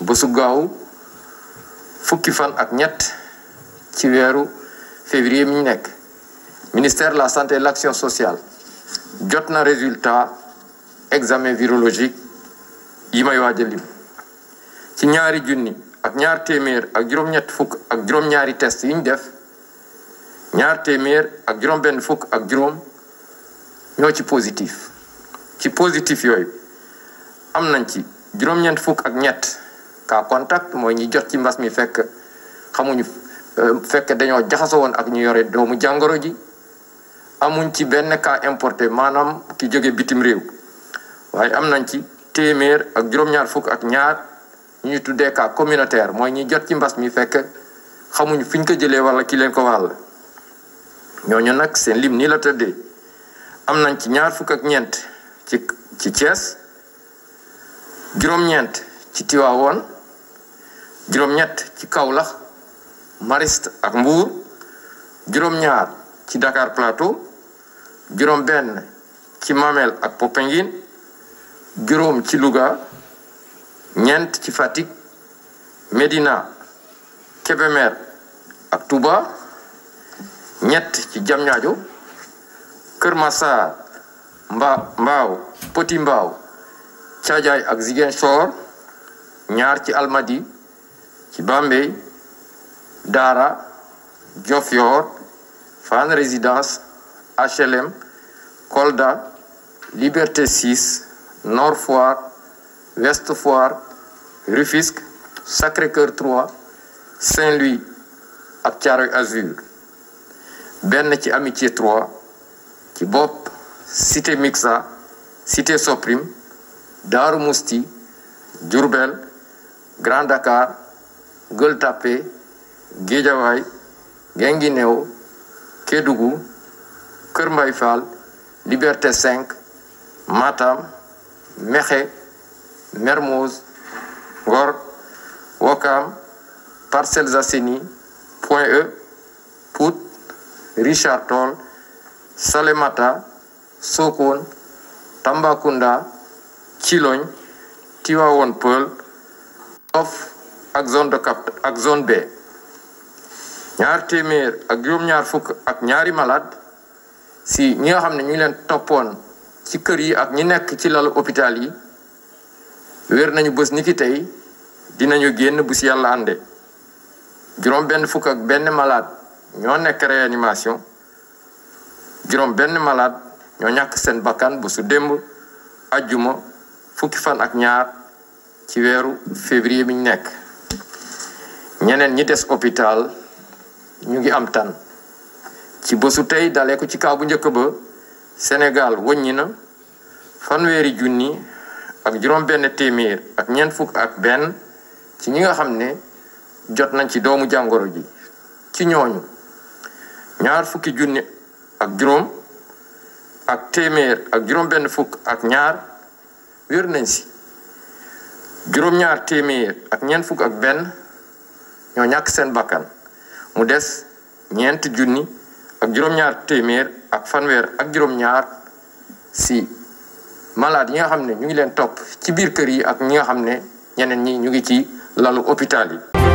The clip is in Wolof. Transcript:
bésu gaaw fukki fan ak ñett ci weeru février mi nekk ministère la santé et de sociale jot na résultat examen virologique yi may waaj ci ñaari junni ak ñaar téeméer ak juróom-ñett fukk ak juróom-ñaari test yi ñu def ñaar téeméer ak juróom-benn fukk ak juróom ñoo ci positif ci positif yooyu am nañ ci juróom-ñeent fukk ak ñett cas contact mooy ñi jot ci mbas mi fekk xamuñu euh, fekk dañoo jaxasoo woon ak ñu yore doomu jàngoro ji amuñ ci benn ka importé maanaam ki jóge bitim réew waaye am nañ ci téeméer ak juróom-ñaar fukk ak ñaar ñu tuddee cas mooy ñi jot ci mbas mi fekk xamuñu fiñ ko jëlee wala ki leen ko wàll ñooñu nag seen lim nii la tëddee am nañ ci ñaar fukk ak ñeent ci ci Thiès juróom-ñeent ci Tivaouane juróom-ñett ci Kaolack Mariste ak mbuur juróom-ñaar ci Dakar Plateau juróom-benn ci Mamel ak Popenguine juróom ci Louga ñeent ci Fatick Médina Kébémer ak tuba ñett ci Diamniadio Kër Massar Mba Mbao Petit Mbao ak Ziguinchor ñaar ci Almadi ci Bambey Daara Diofior Fann Résidence HLM Kolda Liberté 6 Nord Foire Ouest Foire Rufisque Sacré-Cœur 3 Saint-Louis ak Thiaroye Azur benn ci Amitié 3 ci bopp Cité Mixa Cité Soprim Daaru Musti Diourbel Grand Dakar Gueule Tapée Guédiawaye Guinguinéo Kédougou Kër Mbaye Fall Liberté 5 Matam Mékhé Mermoz Ngor Ouakam Parcelles Assainies Point E Pout Richard Toll Salémata Sokone Tambacounda Thilogne Tivaouane Peulh Yoff ak zone de capte ak zone B ñaar téeméer ak juróom-ñaar fukk ak ñaari malade si ñi nga xam ne ñu ngi leen toppoon ci kër yi ak ñi nekk ci lalu hôpital yi wér nañu bës ni ki tey dinañu génn bu si yàlla ànde juróom benn fukk ak benn malade ñoo nekk réanimation juróom benn malade ñoo ñàkk seen bakkan bu su démb ajjuma fukki fan ak ñaar ci weeru février bi nekk ñeneen ñi des hôpital ñu ngi am tan ci bësu tey dalee ko ci kaw bu njëkk ba Sénégal wëññi na fanweeri junni ak juróom-benn téeméer ak ñeent fukk ak benn ci ñi nga xam ne jot nañ ci doomu jàngoro ji ci ñooñu ñaar fukki junni ak juróom ak téeméer ak juróom-benn fukk ak ñaar wér nañ si juróom-ñaar téeméer ak ñeent fukk ak benn ñoo ñàkk seen bakkan mu des ñeenti junni ak juróom-ñaar téeméer ak fanweer ak juróom-ñaar si malade yi nga xam ne ñu ngi leen topp ci biir kër yi ak ñi nga xam ne ñeneen ñi ñu ngi ci lalu hôpital yi